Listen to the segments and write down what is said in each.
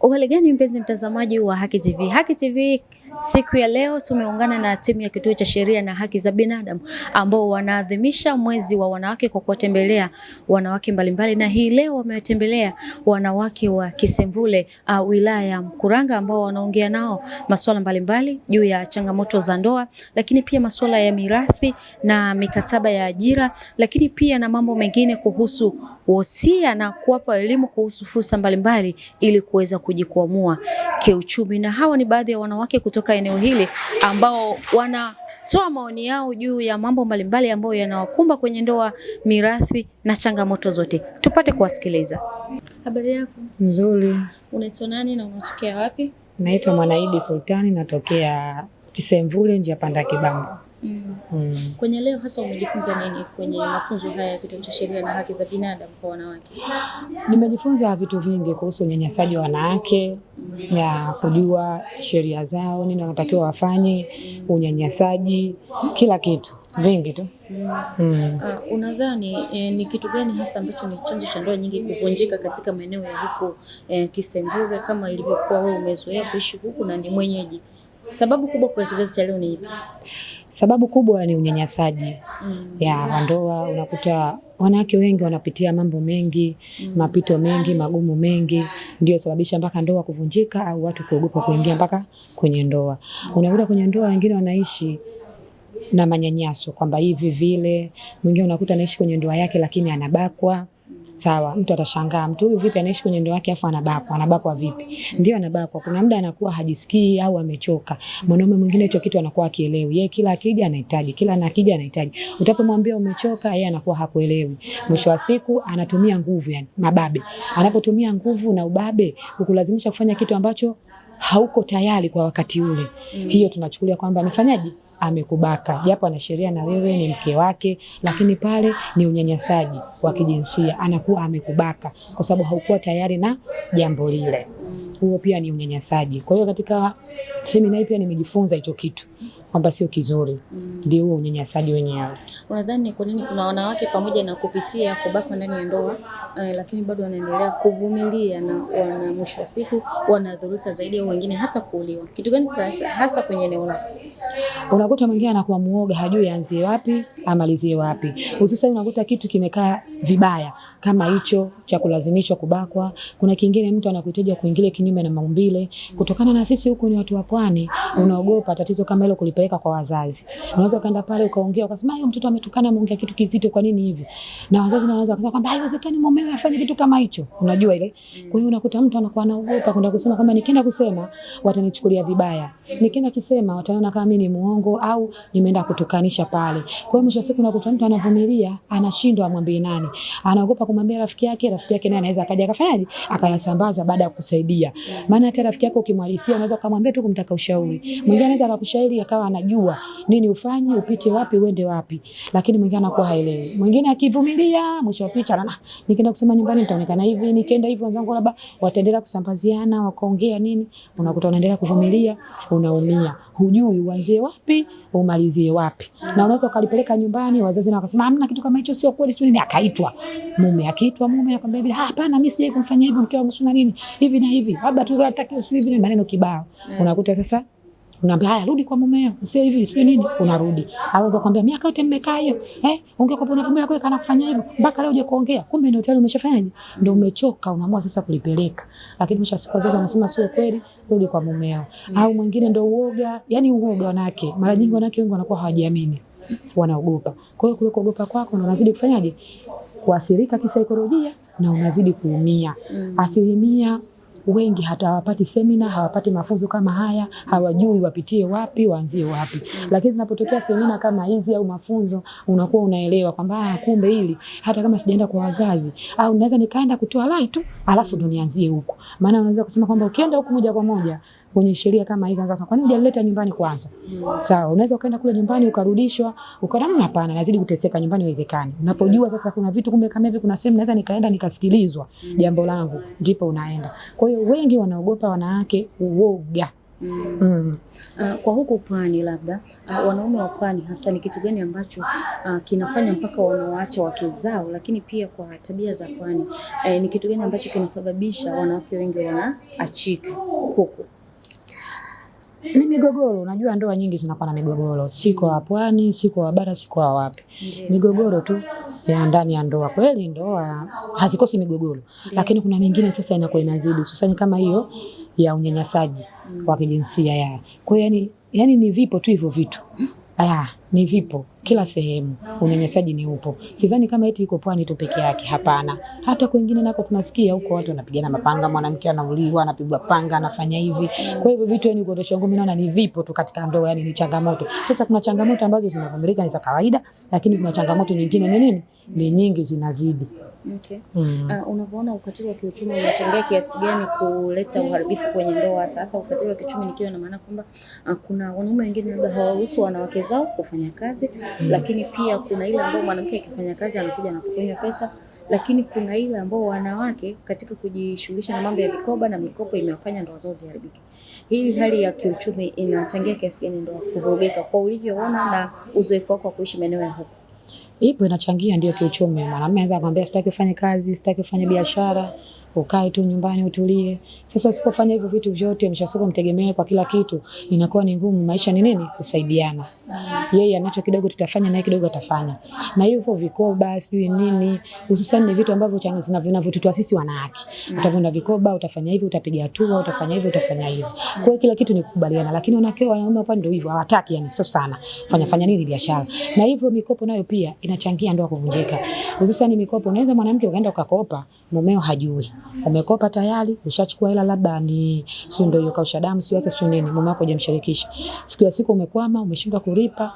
Uhaligani mpenzi mtazamaji wa Haki TV. Haki TV Siku ya leo tumeungana na timu ya Kituo cha Sheria na Haki za Binadamu ambao wanaadhimisha mwezi wa wanawake kwa kuwatembelea wanawake mbalimbali, na hii leo wametembelea wanawake wa Kisemvule uh, wilaya ya Mkuranga ambao wanaongea nao masuala mbalimbali juu ya changamoto za ndoa, lakini pia masuala ya mirathi na mikataba ya ajira, lakini pia na mambo mengine kuhusu wosia na kuwapa elimu kuhusu fursa mbalimbali ili kuweza kujikwamua kiuchumi, na hawa ni baadhi ya wanawake kutoka kutoka eneo hili ambao wanatoa maoni yao juu ya mambo mbalimbali ambayo yanawakumba kwenye ndoa, mirathi na changamoto zote. Tupate kuwasikiliza. Habari yako? Nzuri. Unaitwa nani na unatokea wapi? Naitwa Mwanaidi Sultani, natokea Kisemvule, njia panda Kibamba. Mm. Mm. Kwenye leo hasa umejifunza nini kwenye mafunzo haya ya kituo cha sheria na haki za binadamu kwa wanawake? Nimejifunza vitu vingi kuhusu unyanyasaji wa wanawake ya kujua sheria zao, nini wanatakiwa wafanye, unyanyasaji, kila kitu vingi tu mm. Uh, unadhani eh, ni kitu gani hasa ambacho ni chanzo cha ndoa nyingi kuvunjika katika maeneo ya huko eh, Kisengure kama ilivyokuwa wewe umezoea kuishi huku na ni mwenyeji? Sababu kubwa kwa kizazi cha leo ni ipi? Sababu kubwa ni unyanyasaji mm. ya wandoa unakuta Wanawake wengi wanapitia mambo mengi, mm. mapito mengi, magumu mengi, ndio sababisha mpaka ndoa kuvunjika au watu kuogopa kuingia mpaka kwenye ndoa. Unakuta kwenye ndoa wengine wanaishi na manyanyaso kwamba hivi vile, mwingine unakuta anaishi kwenye ndoa yake lakini anabakwa Sawa, mtu atashangaa, mtu huyu vipi anaishi kwenye ndoa yake afu anabakwa? Anabakwa vipi? Ndio, anabakwa. Kuna muda anakuwa hajisikii au amechoka. Mwanaume mwingine hicho kitu anakuwa akielewi. Yeye kila akija anahitaji, kila anakija anahitaji. Utapomwambia umechoka, yeye anakuwa hakuelewi. Mwisho wa siku anatumia nguvu, yani mababe. Anapotumia nguvu na ubabe kukulazimisha kufanya kitu ambacho hauko tayari kwa wakati ule, Hiyo tunachukulia kwamba amefanyaje amekubaka, japo ana sheria na wewe, ni mke wake, lakini pale ni unyanyasaji wa kijinsia, anakuwa amekubaka kwa sababu haukuwa tayari na jambo lile. Huo pia ni unyanyasaji. Kwa hiyo katika semina hii pia nimejifunza hicho kitu kwamba sio kizuri, mm. ndio mm. huo unyanyasaji wenyewe. Unadhani kwa nini kuna wanawake pamoja na kupitia kubakwa ndani ya ndoa eh, lakini bado wanaendelea kuvumilia na wana mwisho wa siku wanadhurika zaidi au wengine hata kuuliwa? Kitu gani hasa kwenye eneo lako? Unakuta mwingine anakuwa muoga, hajui aanzie wapi amalizie wapi, hususani unakuta kitu kimekaa vibaya kama hicho cha kulazimishwa kubakwa. Kuna kingine mtu anakuteja kuingilia kinyume na maumbile. Kutokana na sisi huku ni watu wa pwani, mm. unaogopa tatizo kama hilo kulipa kupeleka kwa wazazi. Unaweza ukaenda pale ukaongea ukasema hiyo mtoto ametukana ameongea kitu kizito kwa nini hivi? Na wazazi na wanaweza kusema kwamba ah, haiwezekani mumewe afanye kitu kama hicho. Unajua ile. Mm. Kwa hiyo unakuta mtu anakuwa anaogopa kwenda kusema kwamba nikienda kusema watanichukulia vibaya. Nikienda kisema wataona kama mimi ni muongo au nimeenda kutukanisha pale. Kwa hiyo mwisho wa siku unakuta mtu anavumilia, anashindwa amwambie nani. Anaogopa kumwambia rafiki yake, rafiki yake naye anaweza akaja akafanyaje? Akayasambaza baada ya kusaidia. Mm. Maana hata rafiki yako ukimwalisia unaweza kumwambia tu kumtaka ushauri. Mwingine anaweza akakushauri akawa anajua nini ufanye, upite wapi, uende wapi, lakini mwingine anakuwa haelewi. Mwingine akivumilia, mwisho wa picha anana, ah, nikienda kusema nyumbani nitaonekana hivi, nikienda hivi wenzangu labda wataendelea kusambaziana, wakaongea nini, unakuta unaendelea kuvumilia, unaumia, hujui uanzie wapi umalizie wapi, na unaweza ukalipeleka nyumbani, wazazi na wakasema hamna kitu kama hicho, sio kweli, sio nini. Akaitwa mume, akiitwa mume akamwambia hivi, ah, hapana, mimi sijai kumfanyia hivyo mke wangu, sio na nini hivi na hivi, labda tu hataki usiwe hivi, maneno kibao, mm. unakuta sasa Unaambia haya rudi kwa mumeo. Sio hivi, sio nini? Unarudi. Aweza kwambia miaka yote mmekaa hiyo. Eh, ungekuwa una familia yako ikana kufanya hivyo mpaka leo uje kuongea. Kumbe ndio tayari umeshafanyaje? Ndio umechoka, unaamua sasa kulipeleka. Lakini mwisho siku zote anasema sio kweli, rudi kwa mumeo. Au mwingine ndio uoga, yani uoga wanawake. Mara nyingi wanawake wengi wanakuwa hawajiamini. Wanaogopa. Kwa hiyo kule kuogopa kwako ndio unazidi kufanyaje? Kuathirika kisaikolojia na unazidi kuumia. Mm. Asilimia wengi hata hawapati semina, hawapati mafunzo kama haya, hawajui wapitie wapi, waanzie wapi. Lakini zinapotokea semina kama hizi au mafunzo, unakuwa unaelewa kwamba ah, kumbe hili hata kama sijaenda kwa wazazi au naweza nikaenda kutoa rai tu, alafu ndo nianzie huko. Maana unaweza kusema kwamba ukienda huko moja kwa moja kwenye sheria kama hizo, sasa kwa nini hujaleta nyumbani kwanza? Mm. Sawa, unaweza ukaenda kule nyumbani ukarudishwa, ukaona mna, mm, hapana, nazidi kuteseka nyumbani, iwezekani. Unapojua sasa kuna vitu kumbe kama hivi, kuna sehemu naweza nikaenda nikasikilizwa mm. jambo langu, ndipo unaenda. Kwa hiyo wengi wanaogopa wanawake uoga. Mm. Mm. Uh, kwa huko pwani labda uh, wanaume wa pwani hasa ni kitu gani ambacho uh, kinafanya mpaka wanawaacha wake zao, lakini pia kwa tabia za pwani uh, ni kitu gani ambacho kinasababisha wanawake wengi wanaachika huko? ni migogoro. unajua ndoa nyingi zinakuwa na migogoro, si kwa pwani, si kwa bara, si kwa wapi, migogoro tu ya ndani ya ndoa. Kweli ndoa hazikosi migogoro, lakini kuna mingine sasa inakuwa inazidi, hususani kama hiyo ya unyanyasaji wa mm. kijinsia ya. Kwa hiyo yani, yani ni vipo tu hivyo vitu. Mm. Aya, ah ni vipo kila sehemu, unyanyasaji ni upo. Sidhani kama eti iko pwani tu peke yake, hapana. Hata kwingine nako tunasikia huko watu wanapigana mapanga, mwanamke anauliwa, anapigwa panga, anafanya hivi. Kwa hivyo vitu yani, kwa ndoshangu mimi naona ni vipo tu katika ndoa, yani ni changamoto. Sasa kuna changamoto ambazo zinavumilika, ni za kawaida, lakini kuna changamoto nyingine ni nini, ni nyingi zinazidi. Okay. Mm. Uh, unavyoona ukatili wa kiuchumi unachangia kiasi gani kuleta uharibifu kwenye ndoa? Sasa ukatili wa kiuchumi nikiwa na maana kwamba uh, kuna wanaume wengine labda hawaruhusu wanawake zao kufanya anafanya kazi Lakini pia kuna ile ambayo mwanamke akifanya kazi anakuja anapokonya pesa, lakini kuna ile ambao wanawake katika kujishughulisha na mambo ya vikoba na mikopo imewafanya ndoa zao ziharibike. Hii hali ya kiuchumi inachangia kiasi gani ndoa kuvurugika kwa ulivyoona na uzoefu wako wa kuishi maeneo ya huko? Ipo inachangia, ndio kiuchumi. Mwanamume anaweza kumwambia sitaki kufanya kazi, sitaki kufanya biashara ukae tu nyumbani utulie. Sasa usipofanya hivyo vitu vyote, mshasoko mtegemee kwa kila kitu, inakuwa ni ngumu. Maisha ni nini? Kusaidiana. Yeye anacho kidogo, tutafanya naye kidogo atafanya, na hivyo vikoba sijui nini, hususan ni vitu ambavyo vinavyotutoa sisi wanawake. Utavuna vikoba, utafanya hivi, utapiga hatua, utafanya hivi, utafanya hivi. Kwa hiyo kila kitu ni kukubaliana, lakini wanawake wanaume hapa ndio hivyo, hawataki yani, sio sana fanya fanya nini biashara, na hivyo mikopo nayo pia inachangia ndoa kuvunjika, hususan mikopo. Unaweza mwanamke ukaenda ukakopa, mumeo hajui umekopa tayari, ushachukua hela, labda ni sio ndio, yukausha damu sio hasa sio nini, mume wako hujamshirikisha. Siku ya siku umekwama, umeshindwa kulipa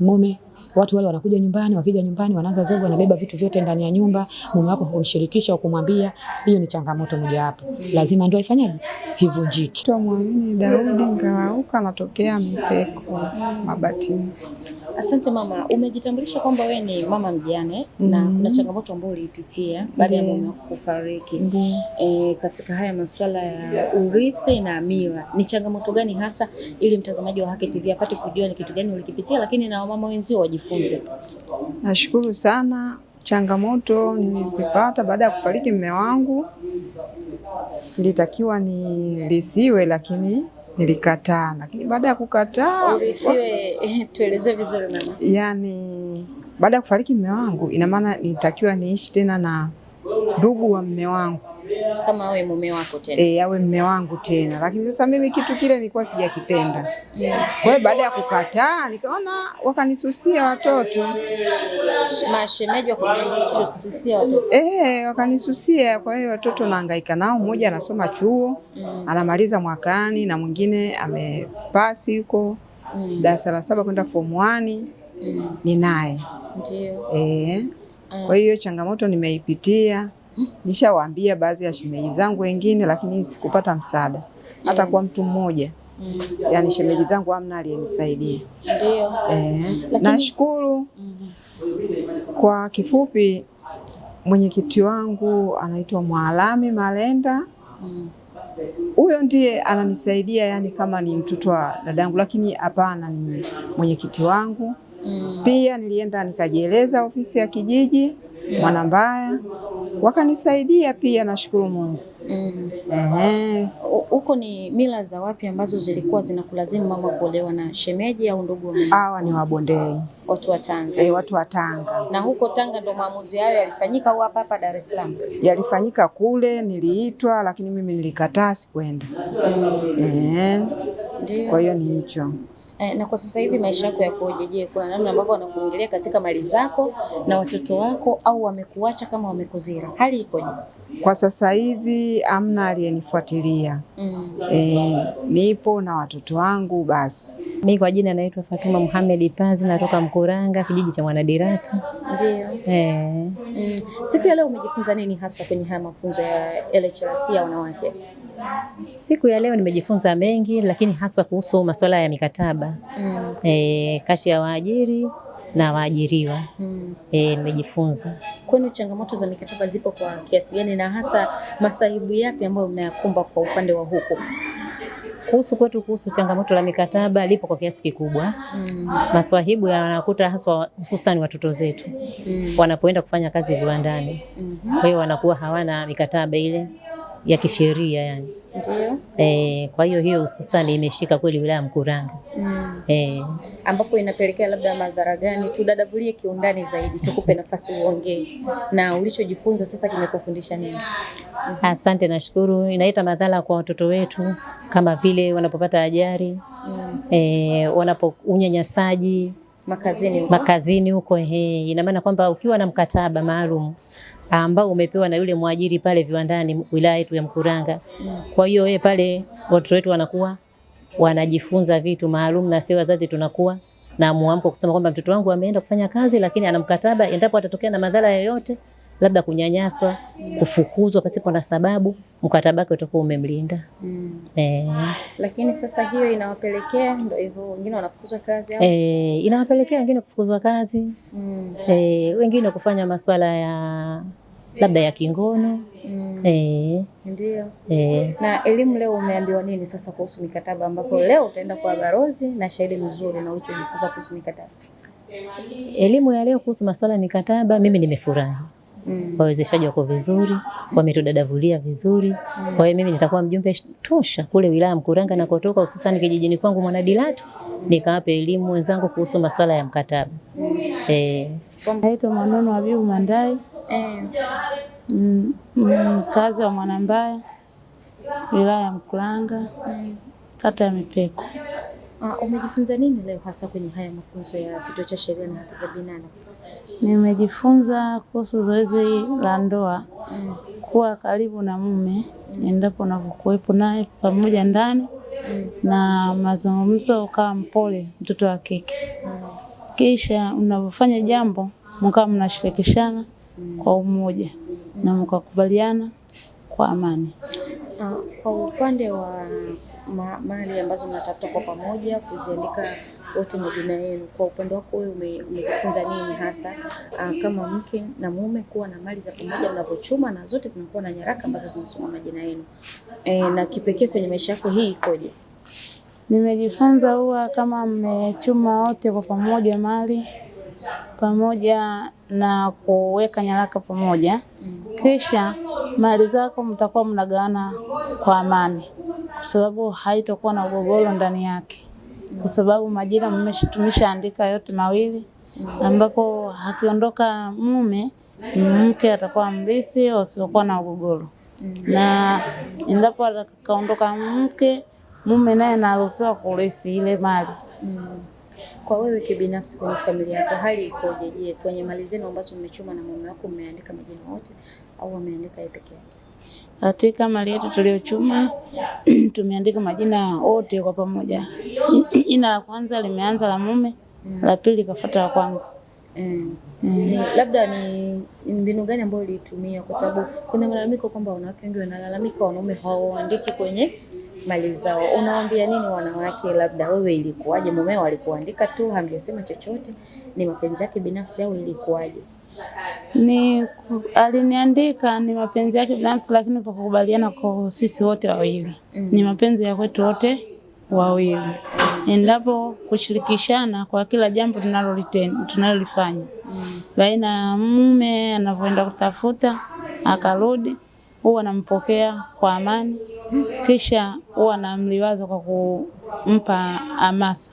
mume, watu wale wanakuja nyumbani, wakija nyumbani wanaanza zogo, wanabeba vitu vyote ndani ya nyumba, mume wako au kumwambia. Hiyo ni changamoto moja hapo, lazima ndio ifanyaje, hivunjiki. Tuamwamini Daudi Ngalauka, anatokea Mpeko Mabatini. Asante mama, umejitambulisha kwamba wewe ni mama mjane mm -hmm. na mm-hmm. kuna changamoto ambayo uliipitia baada ya mume wako kufariki e, katika haya masuala ya urithi na mira, ni changamoto gani hasa, ili mtazamaji wa Haki TV apate kujua ni kitu gani ulikipitia, lakini na wamama wenzio wajifunze. Nashukuru sana. Changamoto nilizipata baada ya kufariki mume wangu, nilitakiwa nilisiwe, lakini Nilikataa, lakini baada ya kukataa, tueleze vizuri mama. Yani baada ya kufariki mume wangu, ina maana nitakiwa niishi tena na ndugu wa mume wangu kama awe mume wako tena. Eh, awe mume wangu tena, lakini sasa mimi kitu kile nilikuwa sijakipenda. Kwa hiyo baada ya kukataa, nikaona wakanisusia watoto, mashemeji wakanisusia watoto. Eh, wakanisusia. Kwa hiyo watoto naangaika nao, mmoja anasoma chuo mm. anamaliza mwakani na mwingine amepasi huko mm. darasa la saba kwenda form 1 mm. ni naye ndio. Eh, mm. kwa hiyo changamoto nimeipitia nishawaambia baadhi ya shemeji zangu wengine, lakini sikupata msaada hata kwa mtu mmoja. yani Yaani shemeji zangu amna aliyenisaidia. Ndio. Eh, lakini... nashukuru. Mhm. Kwa kifupi mwenyekiti wangu anaitwa Mwalami Malenda. Mhm. Huyo mm. ndiye ananisaidia yani kama ni mtoto wa dadangu, lakini hapana, ni mwenyekiti wangu. Mm. Pia nilienda nikajieleza ofisi ya kijiji Mwanambaya, wakanisaidia pia, nashukuru Mungu. Mm. Huko ni mila za wapi ambazo zilikuwa zinakulazimu mama kuolewa na shemeji au ndugu? Hawa ni Wabondei, watu wa Tanga. E, watu wa Tanga. Na huko Tanga ndo maamuzi hayo yalifanyika au hapa hapa Dar es Salaam? Yalifanyika kule, niliitwa lakini mimi nilikataa, sikwenda. Ehe. Kwa hiyo ni hicho. Eh, na kwa sasa hivi maisha yako yakoje? Je, kuna namna ambavyo wanakuongelea katika mali zako na watoto wako, au wamekuacha kama wamekuzira? Hali ikoje? Kwa sasa hivi amna aliyenifuatilia. Mm. E, nipo na watoto wangu basi. Mimi kwa jina naitwa Fatuma Muhammad Pazi, natoka Mkuranga, kijiji cha Mwanadirata. Ndio. Eh. Mm. Siku ya leo umejifunza nini hasa kwenye haya mafunzo ya LHRC ya wanawake? Siku ya leo nimejifunza mengi, lakini haswa kuhusu masuala ya mikataba mm. e, kati ya waajiri na waajiriwa mm. E, nimejifunza. Kwenu changamoto za mikataba zipo kwa kiasi gani, na hasa masaibu yapi ambayo mnayakumba kwa upande wa huko? Kuhusu kwetu, kuhusu changamoto la mikataba lipo kwa kiasi kikubwa mm. Maswahibu yanakuta haswa hususan watoto zetu mm. wanapoenda kufanya kazi viwandani mm -hmm. Kwa hiyo wanakuwa hawana mikataba ile ya kisheria yani. Ndio. Eh, kwa hiyo hiyo hususani imeshika kweli wilaya Mkuranga mm. Eh, ambapo inapelekea labda madhara gani? Tudadavulie kiundani zaidi, tukupe nafasi uongee na ulichojifunza sasa kimekufundisha nini? mm -hmm. Asante, nashukuru. Inaita madhara kwa watoto wetu kama vile wanapopata ajali mm. Eh, wanapo unyanyasaji makazini huko, makazini huko, ehe, ina maana kwamba ukiwa na mkataba maalum ambao umepewa na yule mwajiri pale viwandani wilaya yetu ya Mkuranga. Kwa hiyo yeye pale watoto wetu wanakuwa wanajifunza vitu maalum, na sisi wazazi tunakuwa na mwamko kusema kwamba mtoto wangu ameenda kufanya kazi, lakini ana mkataba, endapo atatokea na madhara yoyote, labda kunyanyaswa, kufukuzwa pasipo na sababu, mkataba wake utakuwa umemlinda. Mm. E. Lakini sasa hiyo inawapelekea ndio hivyo, wengine wanafukuzwa kazi au e, inawapelekea wengine kufukuzwa kazi mm. E, wengine kufanya masuala ya labda ya kingono mm. E, ndio e. Na elimu leo umeambiwa nini sasa kuhusu mikataba, ambapo leo utaenda kwa barozi na shahidi mzuri na ulichojifunza kuhusu mikataba? Elimu ya leo kuhusu masuala ya mikataba, mimi nimefurahi Mm. Wawezeshaji wako vizuri, wametudadavulia vizuri. Mm. Kwa hiyo mimi nitakuwa mjumbe tosha kule wilaya Mkuranga na kutoka hususan kijijini kwangu Mwanadilatu, nikawape elimu wenzangu kuhusu masuala ya mkataba. Mm. Eh, naitwa Mwanono Habibu Mandai. Eh. mkazi mm. mm, wa Mwanambaya, wilaya ya Mkuranga, kata ya Mipeko. Ah, umejifunza nini leo hasa kwenye haya mafunzo ya Kituo cha Sheria na Haki za Binadamu? Nimejifunza kuhusu zoezi la ndoa, mm. kuwa karibu na mume endapo unavyokuwepo naye pamoja ndani na mazungumzo, ukawa mpole mtoto wa kike, kisha unavyofanya jambo mkawa mnashirikishana kwa umoja na mkakubaliana kwa amani. Uh, kwa upande wa mali ambazo mnatafuta kwa pamoja kuziandika wote majina yenu, kwa upande wako wewe umejifunza nini hasa uh, kama mke na mume kuwa na mali za pamoja mnapochuma, na zote zinakuwa na nyaraka ambazo zinasoma majina yenu e, na kipekee kwenye maisha yako hii ikoje? Nimejifunza huwa kama mmechuma wote kwa pamoja mali pamoja na kuweka nyaraka pamoja, kisha mali zako mtakuwa mnagawana kwa amani, kwa sababu haitakuwa na ugogoro ndani yake, kwa sababu majina tumeshaandika yote mawili, ambapo akiondoka mume mke atakuwa mrithi, wasiokuwa na ugogoro na endapo atakaondoka mke mume naye anaruhusiwa kurithi ile mali. Kwa wewe kibinafsi, kwenye familia yako hali ikoje? Je, kwenye mali zenu ambazo mmechuma na mume wako mmeandika majina wote au ameandika yeye peke yake? Katika mali yetu tuliyochuma tumeandika majina wote kwa pamoja. Jina la kwanza limeanza la mume, mm. la pili kafuata la kwangu. Mm. Mm. Labda ni mbinu gani ambayo ulitumia, kwa sababu kuna malalamiko kwamba wanawake wengi wanalalamika wanaume hawaandiki kwenye mali zao. Unawaambia nini wanawake? Labda wewe ilikuwaje? Mumeo alikuandika tu, hamjasema chochote, ni mapenzi yake binafsi au ilikuwaje? Ni aliniandika ni mapenzi yake binafsi, lakini kwa kukubaliana kwa sisi wote wawili mm. ni mapenzi ya kwetu wote wawili, endapo kushirikishana kwa kila jambo tunalolifanya mm. baina ya mume anavyoenda kutafuta akarudi huwa nampokea kwa amani, kisha huwa namliwaza kwa kumpa hamasa.